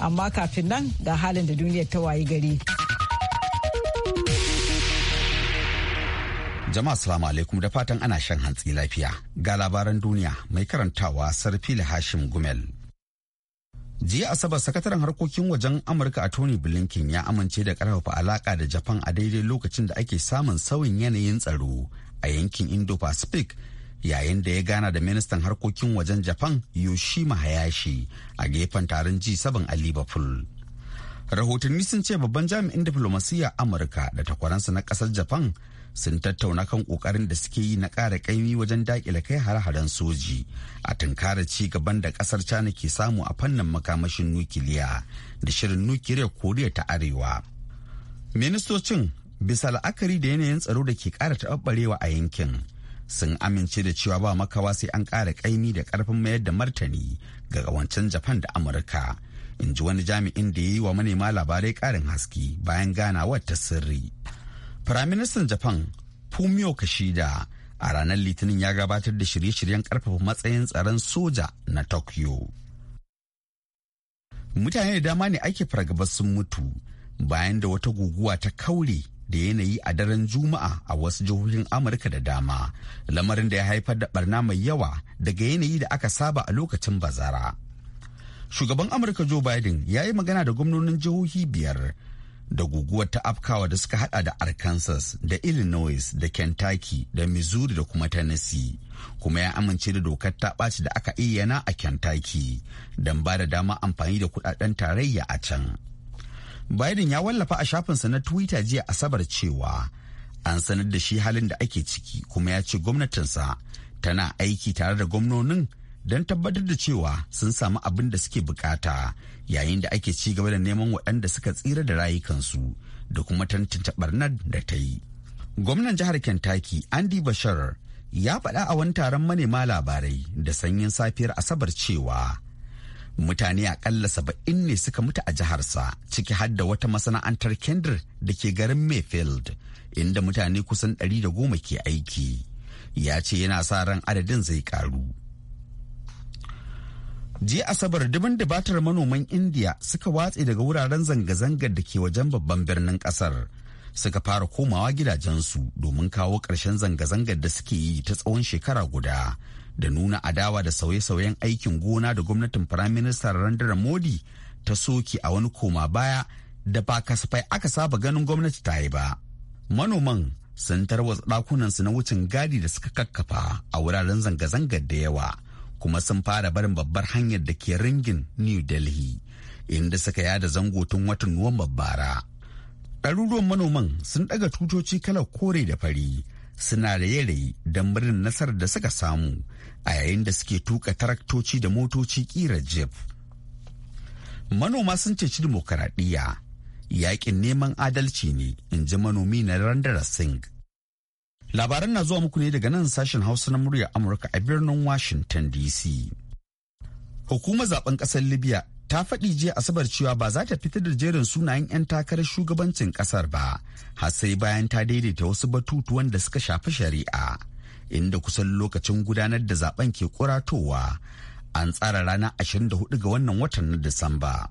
amma kafin nan ga halin da duniyar ta wayi gari. Jama'a salamu alaikum da fatan ana shan hantsi lafiya ga labaran duniya mai karantawa sarfili Hashim Gumel. Jiya Asabar sakataren harkokin wajen Amurka a Tony Blinken ya amince da karfafa alaka da Japan a daidai lokacin da ake samun sauyin yanayin tsaro a yankin Indo-Pacific yayin da ya gana da ministan harkokin wajen japan yoshima hayashi a gefen taron ji 7 a liverpool rahotanni sun ce babban jami'in diflomasiyya amurka da takwaransa na kasar japan sun tattauna kan kokarin da suke yi na kara kaimi wajen dakile kai har-haren soji a tunkara ci gaban da kasar china ke samu a fannin makamashin nukiliya da shirin nukiliyar koriya ta arewa ministocin bisa la'akari da yanayin tsaro da ke kara taɓarɓarewa a yankin sun amince da cewa ba makawa sai an ƙara ƙaimi da ƙarfin mayar da martani ga wancan japan da amurka in ji wani jami'in da ya yi wa manema labarai ƙarin haske bayan ganawar ta sirri firaministan japan fumio kashida a ranar litinin ya gabatar da shirye-shiryen ƙarfafa matsayin tsaron soja na tokyo mutane da dama ne ake fargabar sun mutu bayan da wata guguwa ta kaure da yanayi a daren juma'a a wasu jihohin amurka da dama lamarin da ya haifar da barna mai yawa daga yanayi da aka saba a lokacin bazara shugaban amurka joe biden ya yi magana da gwamnonin jihohi biyar da guguwar ta afkawa da suka hada da arkansas da illinois da kentucky da missouri da kuma tennessee kuma ya amince da dokar ta ɓaci da aka ayyana a kentucky don ba da dama amfani da kudaden tarayya a can Biden ya wallafa a shafinsa na Twitter jiya Asabar cewa an sanar da shi halin da ake ciki kuma ya ce gwamnatinsa tana aiki tare da gwamnonin don tabbatar da cewa sun samu abin da suke bukata yayin da ake ci gaba da neman waɗanda suka tsira da rayukansu da kuma tantance barnar da ta yi. Gwamnan jihar Kentucky Andy Bashar ya faɗa a wani taron manema labarai da sanyin safiyar Asabar cewa mutane a akalla saba'in ne suka mutu a jiharsa ciki har da wata masana'antar kendir da ke garin mayfield inda mutane kusan ɗari da goma ke aiki ya ce yana sa ran adadin zai karu jiya asabar dubin dubatar manoman indiya suka watse daga wuraren zanga-zangar da ke wajen babban birnin kasar suka fara komawa gidajensu domin kawo ƙarshen zanga-zangar da suke yi ta tsawon shekara guda da nuna adawa da sauye-sauyen aikin gona da gwamnatin firaministan Narendra Modi ta soke a wani koma baya da ba kasafai aka saba ganin gwamnati ta yi ba. Manoman sun tarwatsa su na wucin gadi da suka kakkafa a wuraren zanga-zangar da yawa kuma sun fara barin babbar hanyar da ke ringin New Delhi inda suka yada zango tun watan Nuwamba bara. Ɗaruruwan manoman sun ɗaga tutoci kalar kore da fari. suna raye-raye don birnin nasarar da suka samu a yayin da suke tuka taraktoci da motoci kira jef. Manoma sun ceci dimokuraɗiyya yakin neman adalci ne in ji manomi na Randara Singh. Labaran na zuwa muku ne daga nan sashen Hausa na muryar Amurka a birnin Washington DC. Hukumar zaben ƙasar Libya ta faɗi jiya asabar cewa ba za ta fitar da jerin sunayen 'yan takarar shugabancin ƙasar ba har sai bayan ta daidaita wasu batutuwan da suka shafi shari'a inda kusan lokacin gudanar da zaben ke kuratowa an tsara ranar 24 ga wannan watan na disamba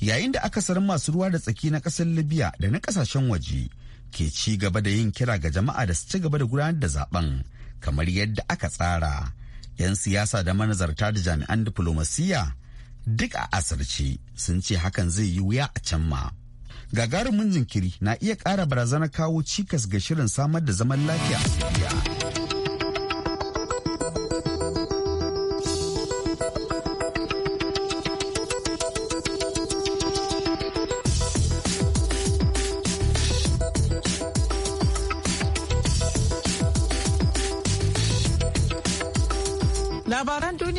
yayin da aka akasarin masu ruwa da tsaki na ƙasar libya da na ƙasashen waje ke ci gaba da yin kira ga jama'a da su ci gaba da gudanar da zaben kamar yadda aka tsara 'yan siyasa da manazarta da jami'an diflomasiyya duk a asirce sun ce hakan zai yi wuya a can ma. Gagarumin jinkiri na iya ƙara barazanar kawo cikas ga shirin samar da zaman lafiya a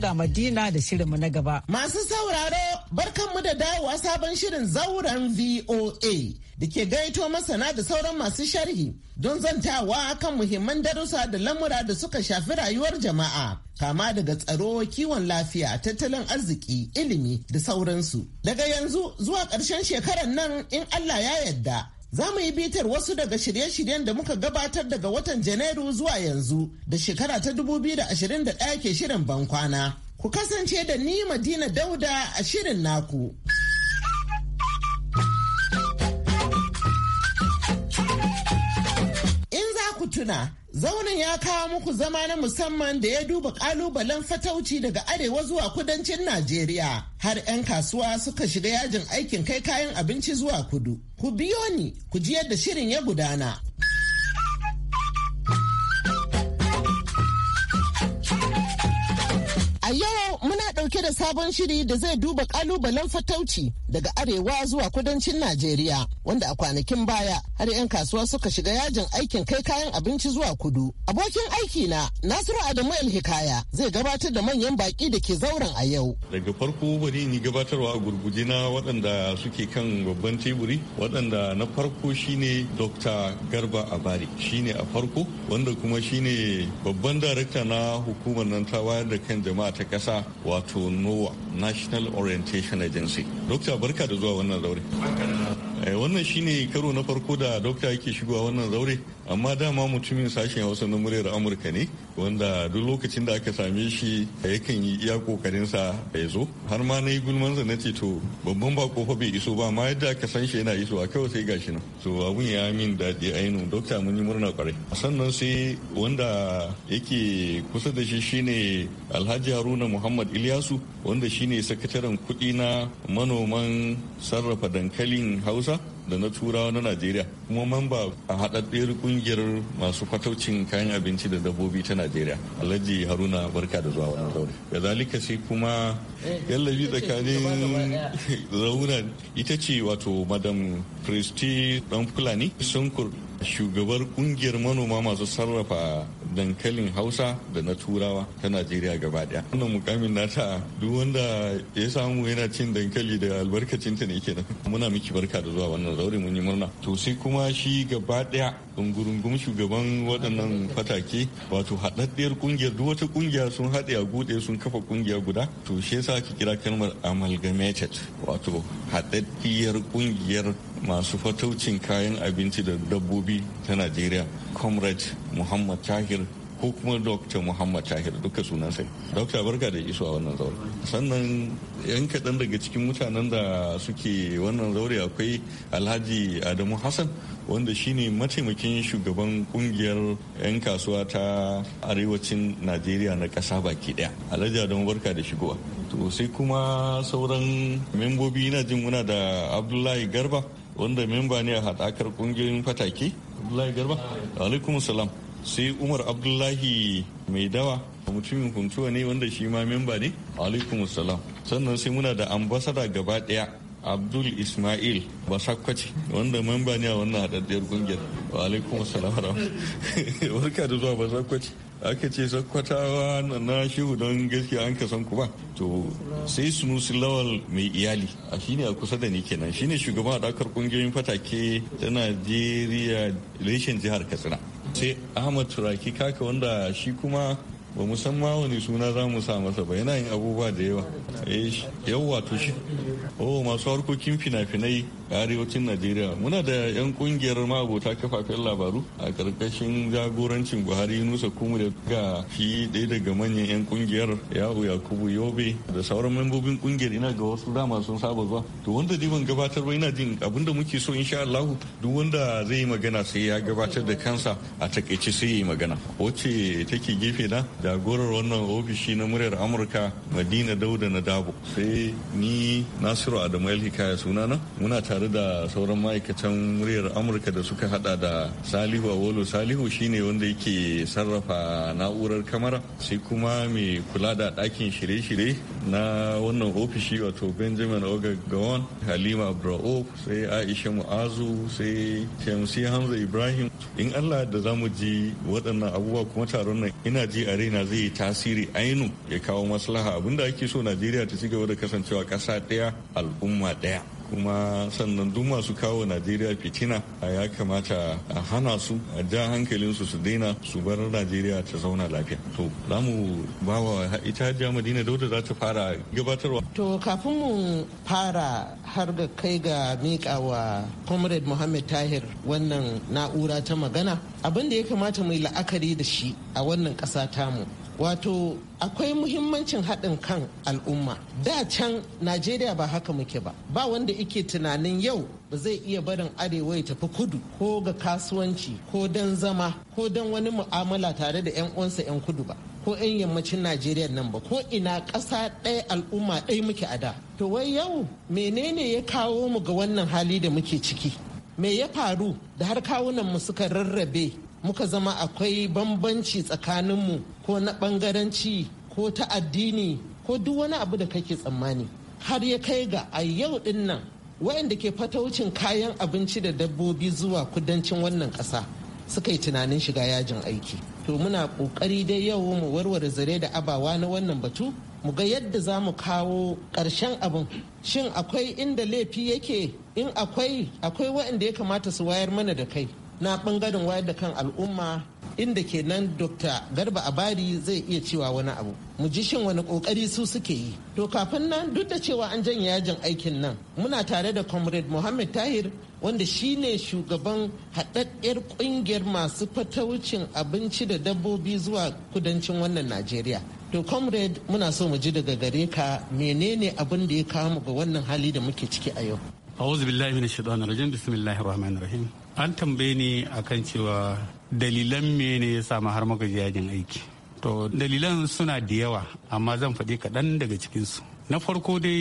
ga Madina da shirinmu na gaba. Masu sauraro barkanmu da dawowa sabon shirin zauren VOA da ke gaito masana da sauran masu sharhi don zantawa kan muhimman darussa da lamura da suka shafi rayuwar jama'a kama daga tsaro kiwon lafiya tattalin arziki ilimi da sauransu daga yanzu zuwa ƙarshen shekarar nan in allah ya yadda. Za mu yi bitar wasu daga shirye-shiryen da muka gabatar daga watan Janairu zuwa yanzu da shekara ta 2021 ke shirin bankwana. Ku kasance da ni Madina Dauda a shirin naku. tituna. Zaunin ya kawo muku zama na musamman da ya duba kalubalen fatauci daga arewa zuwa kudancin Najeriya. Har 'yan kasuwa suka shiga yajin aikin kai kayan abinci zuwa kudu. Ku biyo ni, ku ji yadda shirin ya gudana. dauke da sabon shiri da zai duba kalubalen fatauci daga arewa zuwa kudancin Najeriya wanda a kwanakin baya har 'yan kasuwa suka shiga yajin aikin kai kayan abinci zuwa kudu. Abokin aiki na Nasiru Adamu El Hikaya zai gabatar da manyan baki da ke zauren a yau. Daga farko bari ni gabatarwa gurguje na waɗanda suke kan babban teburi waɗanda na farko shine Dr. Garba Abari shine a farko wanda kuma shine babban darakta na hukumar nan ta wayar da kan jama'a ta ƙasa wato wato NOAA National Orientation Agency. Dokta barka da zuwa wannan zaure. Eh, wannan shine karo na farko da dokta yake shigowa wannan zaure amma dama mutumin sashen hausa na muryar amurka ne wanda duk lokacin da aka same shi yakan yi iya kokarinsa ya zo har ma na yi sa na ce to babban ba kofa bai iso ba ma yadda aka san shi yana iso a kawai sai gashi nan so abun ya min daɗi ainihin dokta mun yi murna kwarai sannan sai wanda yake kusa da shi shine alhaji haruna muhammad ilyasu. Ilyasu wanda shine sakataren kuɗi na manoman sarrafa dankalin Hausa da na turawa na Najeriya kuma mamba a haɗaɗɗiyar kungiyar masu fataucin kayan abinci da dabbobi ta Najeriya. Alhaji Haruna barka da zuwa wannan zaure. Da zalika sai kuma eh, yallabi tsakanin zauna ita ce wato Madam Christy danfulani Fulani Sunkur shugabar kungiyar manoma masu sarrafa dankalin hausa da na turawa ta najeriya gaba daya wannan mukamin nata duk wanda ya samu yana cin dankali da albarkacin ta ne kenan muna miki barka da zuwa wannan zaure mun yi murna to sai kuma shi gaba daya shugaban waɗannan fatake wato haɗaɗɗiyar kungiyar duk wata kungiya sun haɗe a gude sun kafa kungiya guda to shi yasa ake kira kalmar amalgamated wato haɗaɗɗiyar kungiyar masu fataucin kayan abinci da dabbobi ta najeriya comrade muhammad tahir ko kuma dr muhammad tahir duka sai. dr barka da iso a wannan zaure sannan yan kaɗan daga cikin mutanen da suke wannan zaure akwai alhaji adamu hassan wanda shine mataimakin shugaban kungiyar 'yan kasuwa ta arewacin najeriya na ƙasa baki ɗaya alhaji adamu barka da shigowa to sai kuma sauran membobi na jin muna da abdullahi garba wanda memba ne a haɗakar ƙungiyoyin fataki abdullahi garba alaikum salam sai umar abdullahi mai dawa mutumin kuntuwa ne wanda shi ma memba ne alaikum salam sannan sai muna da ambasada gaba ɗaya abdul ismail basakwaci wanda memba ne a wannan haɗaɗɗiyar ƙungiyar wa alaikum salam barka da zuwa basakwaci aka ce sakkwatawa na shehu don gaskiya an ka san ku ba to sai sunusi lawal mai iyali a shine a kusa da ni kenan shine shugaban hadakar kungiyoyin fatake ta najeriya reshen jihar katsina sai ahmad turaki kaka wanda shi kuma ba mu san ma wani suna za mu sa masa ba yana yin abubuwa da yawa eh, yau wato shi o masu harkokin fina-finai a arewacin najeriya muna da yan kungiyar ma'abota kafafen labaru a karkashin jagorancin buhari nusa kuma da ga fi ɗaya daga manyan yan kungiyar yahu yakubu yobe da sauran membobin kungiyar ina ga wasu dama sun saba zuwa to wanda dai ban gabatar ba ina jin abin da muke so insha allahu duk wanda zai yi magana sai ya gabatar da kansa a takaice sai ya yi magana wacce take gefe na jagorar wannan ofishi na muryar amurka madina dauda na dabo sai ni nasiru adamu hikaya sunana muna tare da sauran ma'aikatan muryar amurka da suka hada da salihu awolo salihu shine wanda yake sarrafa na'urar kamara sai kuma mai kula da ɗakin shirye-shirye na wannan ofishi wato benjamin ogagawan halima abrao sai aisha mu'azu sai shamsi hamza ibrahim in allah da zamu ji waɗannan abubuwa kuma taron nan ina ji a na zai yi tasiri ainu ya kawo maslaha abinda ake so najeriya ta ci gaba da kasancewa ƙasa ɗaya al'umma ɗaya kuma sannan duk masu kawo najeriya fitina a ya kamata a hana su a ja hankalinsu su daina su bar najeriya ta zauna lafiya to za mu ba wa ita hajiya madina dauda za ta fara gabatarwa to kafin mu fara har ga kai ga miƙa wa comrade muhammad tahir wannan na'ura ta magana abin da ya kamata mai la'akari da shi a wannan ƙasa tamu wato akwai muhimmancin haɗin kan al'umma da can najeriya ba haka muke ba ba wanda ike tunanin yau ba zai iya barin arewa ya tafi kudu ko ga kasuwanci ko don zama ko don wani mu'amala tare da 'yan uwansa 'yan kudu ba ko 'yan yammacin najeriya nan ba ko ina ƙasa ɗaya al'umma ɗaya muke a da to wai yau menene ya kawo mu ga wannan hali da muke ciki me ya faru da har kawunan mu suka rarrabe muka zama akwai bambanci tsakaninmu ko na bangaranci ko ta addini ko duk wani abu da kake tsammani har ya kai ga a yau din nan ke fataucin kayan abinci da dabbobi zuwa kudancin wannan ƙasa suka yi tunanin shiga yajin aiki to muna ƙoƙari dai yau mu warware zare da abawa na wannan batu mu ga yadda za mu kawo ƙarshen abin shin akwai inda laifi yake in akwai akwai waɗanda ya kamata su wayar mana da kai na bangaren wayar da kan al'umma inda ke nan dr garba abari zai iya cewa wani abu mu ji shin wani kokari su suke yi to kafin nan duk da cewa an janye yajin aikin nan muna tare da comrade mohammed tahir wanda shine shugaban haɗaɗɗiyar ƙungiyar masu fataucin abinci da dabbobi zuwa kudancin wannan najeriya to comrade muna so mu ji daga gare ka menene abin da ya kawo mu ga wannan hali da muke ciki a yau a'udhu billahi minash rajim bismillahir rahmanir rahim an tambaye ni akan cewa dalilan mene sa ma har muka yajin aiki to dalilan suna da yawa amma zan faɗi kaɗan daga cikinsu na farko dai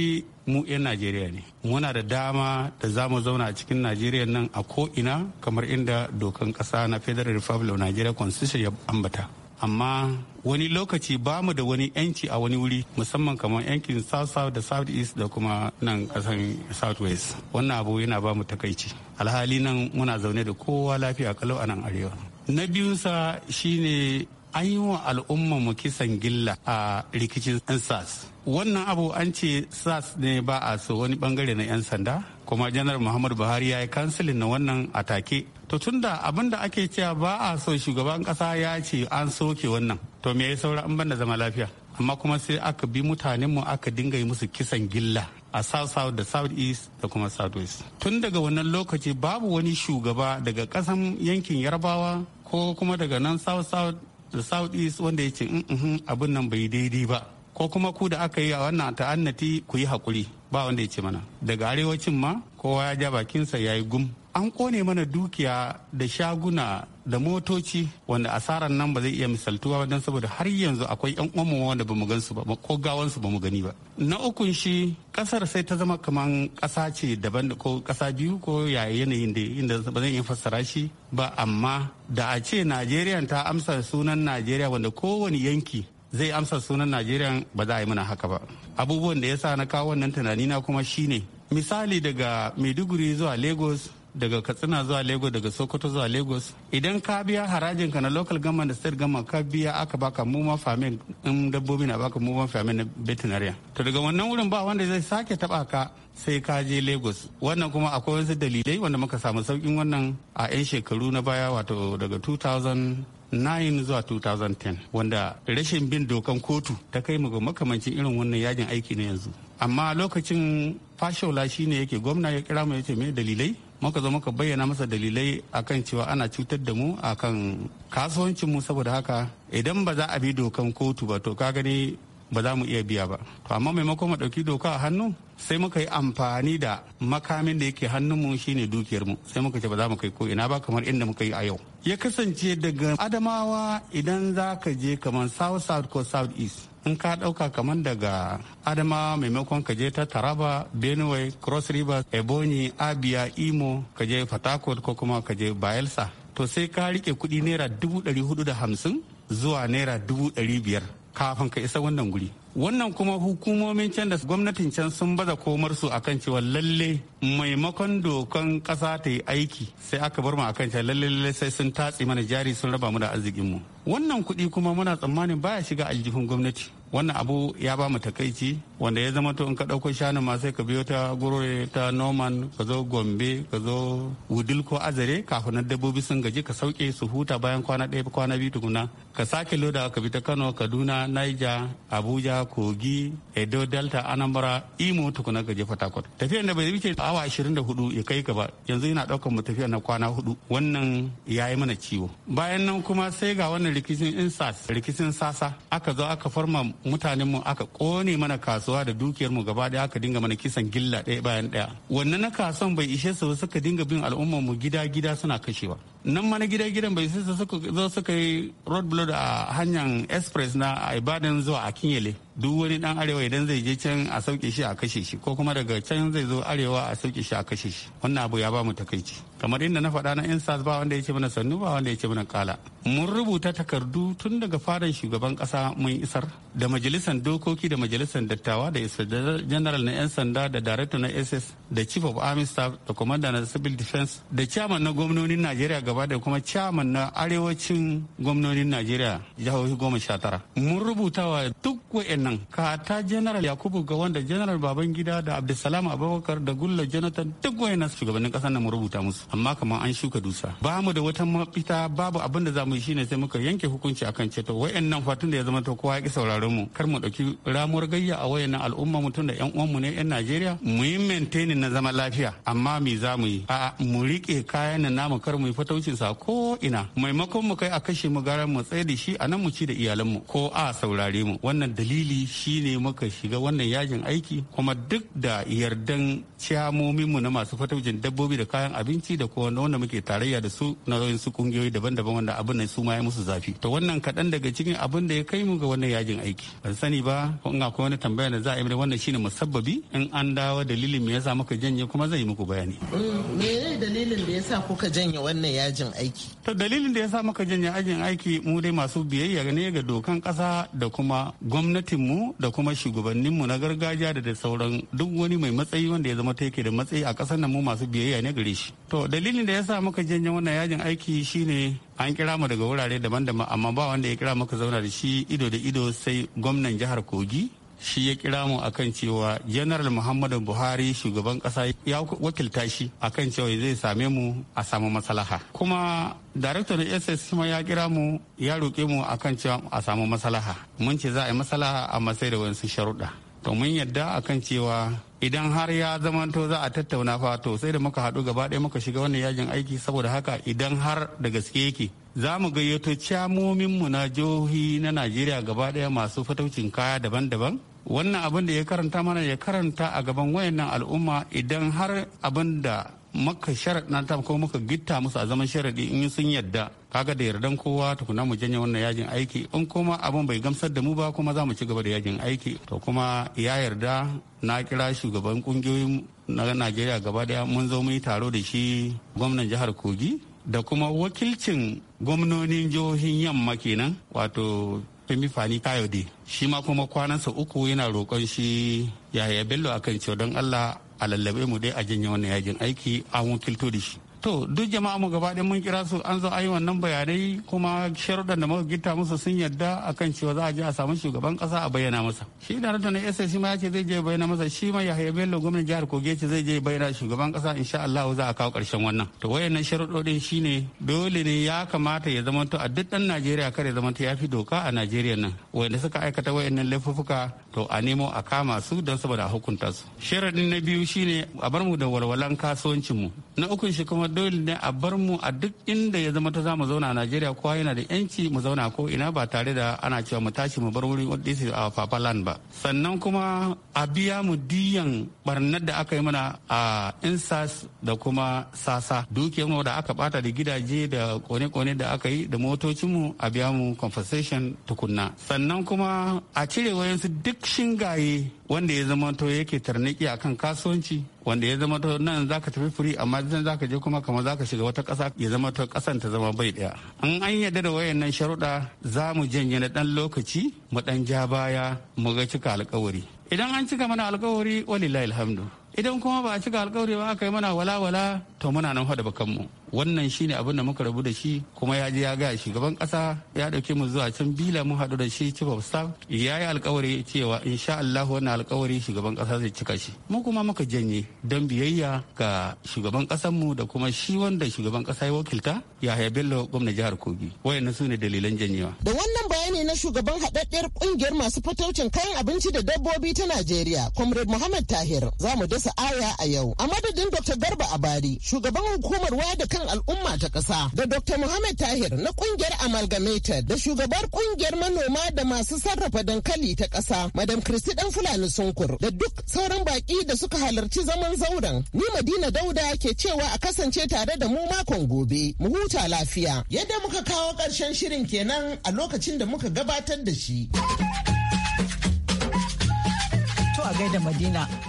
mu 'yan najeriya ne muna da dama da za mu zauna a cikin najeriya nan a ko'ina kamar inda dokan ƙasa na federal republic of nigeria constitution ya ambata amma wani lokaci ba mu da wani yanci a wani wuri musamman kamar yankin south south da south east da kuma nan kasan south west wannan abu yana ba mu takaici alhali nan muna zaune da kowa lafiya kalau a nan arewa na biyunsa shine an yi wa al'umma mu kisan gilla a rikicin sas wannan abu an ce sas ne ba a so wani bangare na 'yan sanda kuma janar muhammadu buhari ya yi kansilin na wannan atake to tunda abin da ake cewa ba a so shugaban kasa ya ce an soke wannan to me ya saura an banda zama lafiya amma kuma sai aka bi mutanen mu aka dinga yi musu kisan gilla a south south da south east da kuma south west tun daga wannan lokaci babu wani shugaba daga kasan yankin yarbawa ko kuma daga nan south south da south east wanda ya ce mm, mm, mm, abin nan bai daidai ba ko kuma ku da aka yi a wannan ta'annati ku yi hakuri ba wanda ya ce mana daga arewacin ma kowa ya ja bakinsa ya yi gum an kone mana dukiya da shaguna da motoci wanda asarar nan ba zai iya misaltuwa ba don saboda har yanzu akwai yan uwanmu wanda ba mu gansu ba ko gawansu ba mu gani ba na ukun shi kasar sai ta zama kamar kasa ce daban ko kasa biyu ko ya yanayin da inda ba zan iya fassara shi ba amma da a ce najeriya ta amsa sunan najeriya wanda kowane yanki zai amsa sunan najeriya ba za a yi mana haka ba abubuwan da ya sa na kawo wannan tunani na kuma shine misali daga maiduguri zuwa lagos daga katsina zuwa lagos daga sokoto zuwa lagos idan ka biya harajin ka na local gama da state gama ka biya aka baka muma famin in dabbobi na baka muma famin na veterinarian to daga wannan wurin ba wanda zai sake taba ka sai ka je lagos wannan kuma akwai wasu dalilai wanda muka samu saukin wannan a 'yan shekaru na baya wato daga 9 zuwa 2010 wanda rashin bin dokan kotu ta kai mu ga makamancin irin wannan yajin aiki na yanzu amma lokacin fashola ne yake gwamna ya kira mu ce me dalilai muka zo muka bayyana masa dalilai akan cewa ana cutar da mu akan kasuwancin mu saboda haka idan ba za a bi dokan kotu ba to ka gani ba za mu iya biya ba to amma maimakon mu dauki doka a hannu sai muka yi amfani da makamin da yake hannun mu shine dukiyar mu sai muka ce ba za mu kai ko ina ba kamar inda muka yi a yau ya kasance daga adamawa idan za ka je kamar south south ko south east in ka ɗauka kamar daga adama maimakon ka je ta taraba benue cross rivers ebonyi abia imo ka je fatakot ko kuma ka je bayelsa to sai ka rike kudi naira dubu ɗari hudu da hamsin zuwa naira dubu ɗari biyar kafin ka isa wannan guri wannan kuma hukumomin can da gwamnatin can sun baza komar su akan cewa lalle maimakon dokan kasa ta yi aiki sai aka bar mu akan cewa lalle sai sun tatsi mana jari sun raba mu da arzikin mu wannan kuɗi kuma muna tsammanin baya shiga aljihun gwamnati wannan abu ya ba mu takaici wanda ya zama to in ka ɗauko shanu ma sai ka biyo ta gurure ta norman ka zo gombe ka zo wudil ko azare kafin na dabbobi sun gaji ka sauke su huta bayan kwana ɗaya kwana biyu tukuna ka sake loda ka bi ta kano kaduna niger abuja kogi edo delta anambra imo tukuna gaje fatakwat tafiyar da bai wuce awa ashirin da hudu ya kai gaba yanzu yana ɗaukar mu tafiyar na kwana hudu wannan ya yi mana ciwo bayan nan kuma sai ga wannan rikicin insas rikicin sasa aka zo aka farma mutanenmu aka kone mana kasu kasuwa da dukiyar mu gaba daya aka dinga mana kisan gilla ɗaya bayan ɗaya wannan na kasan bai ishe su suka dinga bin al'ummar mu gida gida suna kashewa nan mana gidan gidan bai sai su zo suka yi road blood a hanyar express na ibadan zuwa a kinyele duk wani dan arewa idan zai je can a sauke shi a kashe shi ko kuma daga can zai zo arewa a sauke shi a kashe shi wannan abu ya ba mu takaici kamar inda na faɗa na yan ba wanda ya ce mana sannu ba wanda ya ce mana kala mun rubuta takardu tun daga farin shugaban kasa mun isar da majalisar dokoki da majalisar dattawa da general na yan sanda da director na ss da chief of army staff da commander na civil defense da chairman na gwamnonin najeriya gaba da kuma chairman na arewacin gwamnonin najeriya jihohi goma sha tara mun rubuta wa duk wa'annan ta general yakubu ga wanda general babangida da abdulsalam abubakar da gulla jonathan duk wa'annan shugabannin kasar na mun rubuta musu amma kamar an shuka dusa ba mu da wata mafita babu abin da za mu yi shine sai muka yanke hukunci akan ceto wa'annan fatun da ya zama to kowa ya ki sauraron mu kar mu dauki ramuwar gayya a wayannan al'umma mutum da yan mu ne yan najeriya mu yi maintaining na zaman lafiya amma me za mu yi a mu rike kayan nan namu kar mu yi fataucin sa ko ina maimakon mu kai a kashe mu gara mu tsaye da shi a nan mu ci da iyalan mu ko a saurare mu wannan dalili shine muka shiga wannan yajin aiki kuma duk da yardan mu na masu fataucin dabbobi da kayan abinci da kuma wanda muke tarayya da su na su kungiyoyi daban-daban wanda abin nan su ma ya musu zafi to wannan kaɗan daga cikin abin da ya kai mu ga wannan yajin aiki ban sani ba ko in ko wani tambaya da za a yi wannan shine musabbabi in an dawo dalilin me yasa kuka janye kuma zai muku bayani. Mm, Me dalilin da ya sa kuka janye wannan yajin aiki? To dalilin da ya sa muka janye yajin aiki mu dai masu biyayya ne ga dokan ƙasa da kuma gwamnatinmu da kuma shugabanninmu na gargajiya da da sauran duk wani mai matsayi wanda ya zama take da matsayi a ƙasar nan mu masu biyayya ne gare shi. To dalilin da ya sa muka janye wannan yajin aiki shine an kira mu daga wurare daban-daban amma ba wanda ya kira muka zauna da shi ido da ido sai gwamnan jihar Kogi shi ya kira mu akan cewa general muhammadu buhari shugaban kasa ya wakilta shi akan cewa zai same mu a samu maslaha kuma director na ss ma ya kira mu ya roƙe mu akan cewa a samu maslaha mun ce za a yi maslaha amma sai da wasu sharuɗa to mun yadda akan cewa idan har ya to za a tattauna fa to sai da muka haɗu gaba ɗaya muka shiga wannan yajin aiki saboda haka idan har da gaske yake za mu gayyato mu na jihohi na najeriya gaba ɗaya masu fataucin kaya daban-daban wannan abin da ya karanta mana ya karanta a gaban wayannan al'umma idan har abin da maka sharaɗa ko muka gitta musu a zaman sharaɗi in sun yadda kaga da yardan kowa tukuna mu janye wannan yajin aiki in kuma abin bai gamsar da mu ba kuma za mu ci gaba da yajin aiki to kuma ya yarda na kira shugaban kungiyoyin na najeriya gaba daya mun zo mu yi taro da shi gwamnan jihar kogi da kuma wakilcin gwamnonin jihohin yamma kenan wato Femi Fani Kayode shi ma kuma kwanansa uku yana roƙon shi yaya Bello akan cewa don Allah a lallabe mu dai a janye wannan yajin aiki an wakilto da shi to duk jama'a mu gaba ɗaya mun kira su an zo ayi wannan bayanai kuma sharuɗan da muka gita musu sun yadda akan cewa za a je a samu shugaban ƙasa a bayyana masa shi da rata na yasa ma ya ce zai je bayyana masa shi ma Yahaya Bello gwamnatin jihar Kogi ce zai je bayyana shugaban ƙasa insha Allah za a kawo ƙarshen wannan to wayannan sharuɗoɗin ne dole ne ya kamata ya zama to a duk ɗan Najeriya kar ya zama ya fi doka a Najeriya nan wanda suka aikata wayannan laifuffuka to a nemo a kama su don saboda a hukunta su sharadin na biyu shine a bar mu da walwalan kasuwancin mu na ukun shi kuma dole ne a bar mu a duk inda ya zama ta zamu zauna a Najeriya kowa yana da yanci mu zauna ko ina ba tare da ana cewa mu tashi mu bar wuri disi a our land ba sannan kuma a biya mu diyan barnar da aka yi mana a insas da kuma sasa dukiyar mu da aka bata da gidaje da kone-kone da aka yi da motocin mu a biya mu compensation tukunna sannan kuma a cire wayansu duk duk shingaye wanda ya zama to yake tarniki a kan kasuwanci wanda ya zama to nan ka tafi firi amma zan ka je kuma kamar ka shiga wata ƙasa ya zama to ƙasan ta zama bai ɗaya an an yadda da wayannan sharuɗa za mu janye na ɗan lokaci mu ɗan ja baya mu ga cika alkawari idan an cika mana alkawari walillahi alhamdu idan kuma ba a cika alkawari ba aka yi mana wala to muna nan hada bakanmu wannan shine abin da muka rabu da shi kuma ya je ya gaya shugaban kasa ya dauke mu zuwa can bila mu haɗu da shi chief of staff ya yi alkawari cewa insha Allah wannan alkawari shugaban kasa zai cika shi mu kuma muka janye don biyayya ga shugaban kasar mu da kuma shi wanda shugaban kasa ya wakilta Yahaya Bello gwamna jihar Kogi wayannan sune sune dalilan janyewa da wannan bayani na shugaban haɗaɗɗiyar kungiyar masu fitocin kayan abinci da dabbobi ta Najeriya Comrade Muhammad Tahir za mu dasa aya a yau a madadin Dr. Garba Abari shugaban hukumar waya da kan al'umma ta ƙasa da Dr. Muhammad Tahir na kungiyar Amalgamated da shugabar kungiyar manoma da masu sarrafa dankali ta ƙasa Madam Kristi Dan Fulani Sunkur da duk sauran baƙi da suka halarci zaman zauren. Ni Madina Dauda ke cewa a kasance tare da mu makon gobe mu huta lafiya. Yadda muka kawo ƙarshen shirin kenan a lokacin da muka gabatar da shi. To a Madina.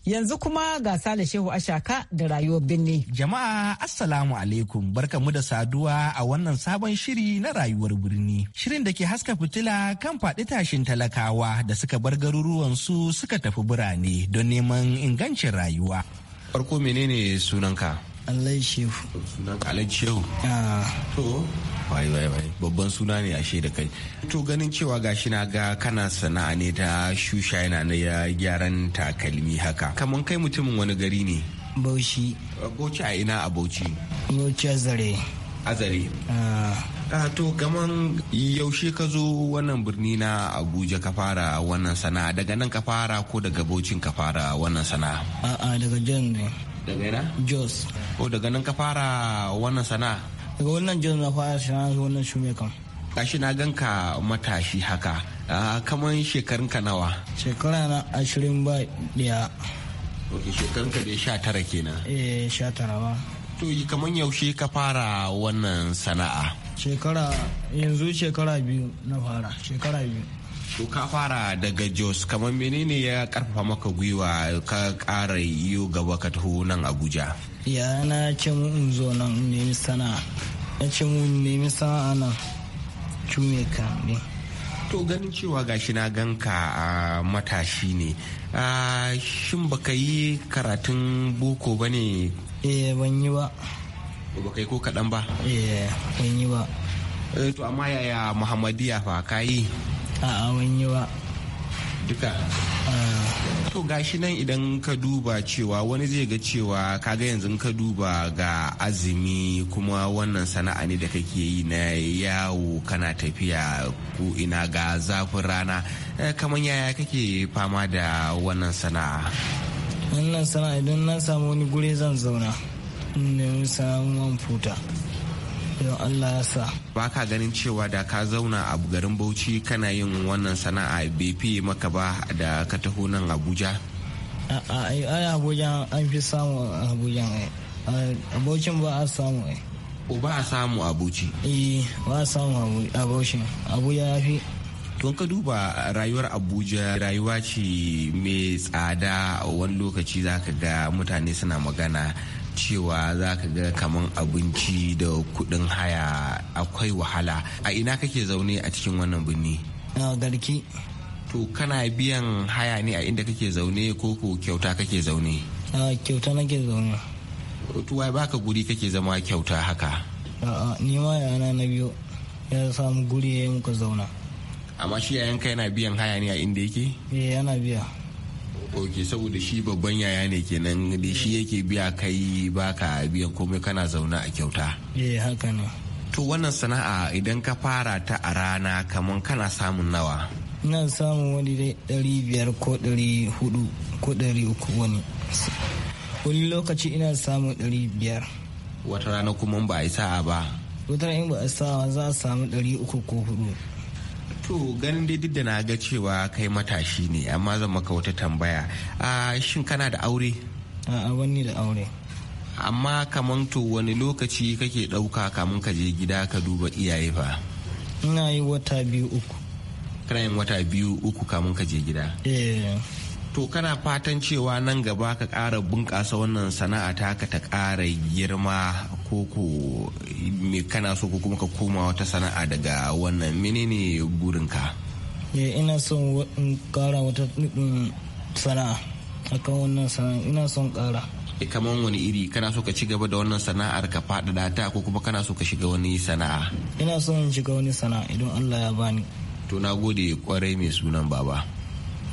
Yanzu kuma ga Sale Shehu Ashaka da rayuwar birni. Jama'a Assalamu alaikum barkamu da saduwa a wannan sabon shiri na rayuwar birni. Shirin da ke haska fitila kan faɗi tashin talakawa da suka bar garuruwan su suka tafi birane don neman ingancin rayuwa. Farko menene sunanka? Allah Shehu. Sunanka Allah Shehu. Ah. To, wai wai wai babban suna ne ashe da kai to ganin cewa gashi na ga kana sana'a ne ta shusha yana na gyaran takalmi haka kaman kai mutumin wani gari ne bauchi bauchi a ina a bauchi bauchi a zare a zare a ah. ah, to kaman yaushe ka zo wannan birni na abuja ka fara wannan sana'a daga nan ka fara ko daga bauchin ka fara wannan sana'a a'a daga jan ne daga yana jos ko daga nan ka fara wannan sana'a daga wannan jin na fara shana na wannan shume kan gashi na ganka matashi haka ah, kamar shekarun ka nawa shekara na ashirin ba daya shekarun ka dai sha tara kenan eh sha tara ba to kamar yaushe ka fara wannan sana'a shekara yanzu shekara biyu na fara shekara biyu to ka fara daga jos kamar menene ya karfafa maka gwiwa ka kara yiwu gaba ka taho nan abuja ya na ce mun zo nan nemi sana'a Na ce mun nemi sana'a nan cume ka ne to ganin cewa gashi na ganka a matashi ne shin baka yi karatun boko ba ne eh ban yi ba ba yi ko kaɗan ba eh ban yi ba eh, to amma yaya muhammadiya fa ka yi a'a ban yi ba duka ah. to gashi nan idan ka duba cewa wani zai ga cewa kaga yanzu ka duba ga azumi kuma wannan sana'a ne da kake yi na yawo kana tafiya ko ina ga zafin rana eh, kamar yaya kake fama da wannan sana'a wannan sana'a idan na samu wani gure zan zauna nemi samu man futa in Allah ya sa. Ba ka ganin cewa da ka zauna a garin Bauchi kana yin wannan sana'a BP fiye maka ba da ka taho nan Abuja? A ai Abuja an fi samu Abuja a Bauchi ba a samu ai. O ba a samu a Bauchi? Eh, ba a samu a Bauchi. Abuja ya fi. don ka duba rayuwar abuja rayuwa ce mai tsada wani lokaci za ka ga mutane suna magana cewa za ka ga kaman abinci da kuɗin haya akwai wahala a ina kake zaune a cikin wannan birni garki to kana biyan haya ne a inda kake zaune ko ko kyauta kake zaune A kyauta nake zaune to wai baka guri kake zama kyauta haka a'a ni ma yana na biyo ya samu guri ya yi muka zauna amma shi yayan ka yana biyan haya ne a inda yake eh yana biya ok saboda shi babban yaya ne kenan da shi yake biya kai baka biyan komai kana zaune a kyauta eh haka ne to wannan sana'a idan ka fara ta a rana kamar kana samun nawa ina samun wani dai ɗari biyar ko ɗari hudu ko ɗari uku wani wani lokaci ina samun ɗari biyar wata rana kuma ba a yi sa'a ba wata rana ba a sa'a za a samu ɗari uku ko hudu to ganin dai duk da na ga cewa kai matashi ne amma zan maka wata tambaya a shin kana da aure a wani da aure amma kamar to wani lokaci kake ɗauka kamun ka je gida ka duba iyaye fa ina yi wata biyu uku kana yin wata biyu uku kamun ka je gida eh. to kana fatan cewa nan gaba ka ƙara bunƙasa wannan sana'a ta ka ta ƙara girma ko ko me kana so ko kuma ka koma wata sana'a daga wannan menene burinka ya eh, ina son in kara wata mm, sana'a akan wannan sana'a ina son kara eh, kamar wani iri kana so ka ci gaba da wannan sana'ar ka faɗaɗa ta ko kuma kana so ka shiga wani sana'a ina son in shiga wani sana'a idan Allah ya bani to na gode kwarai mai sunan baba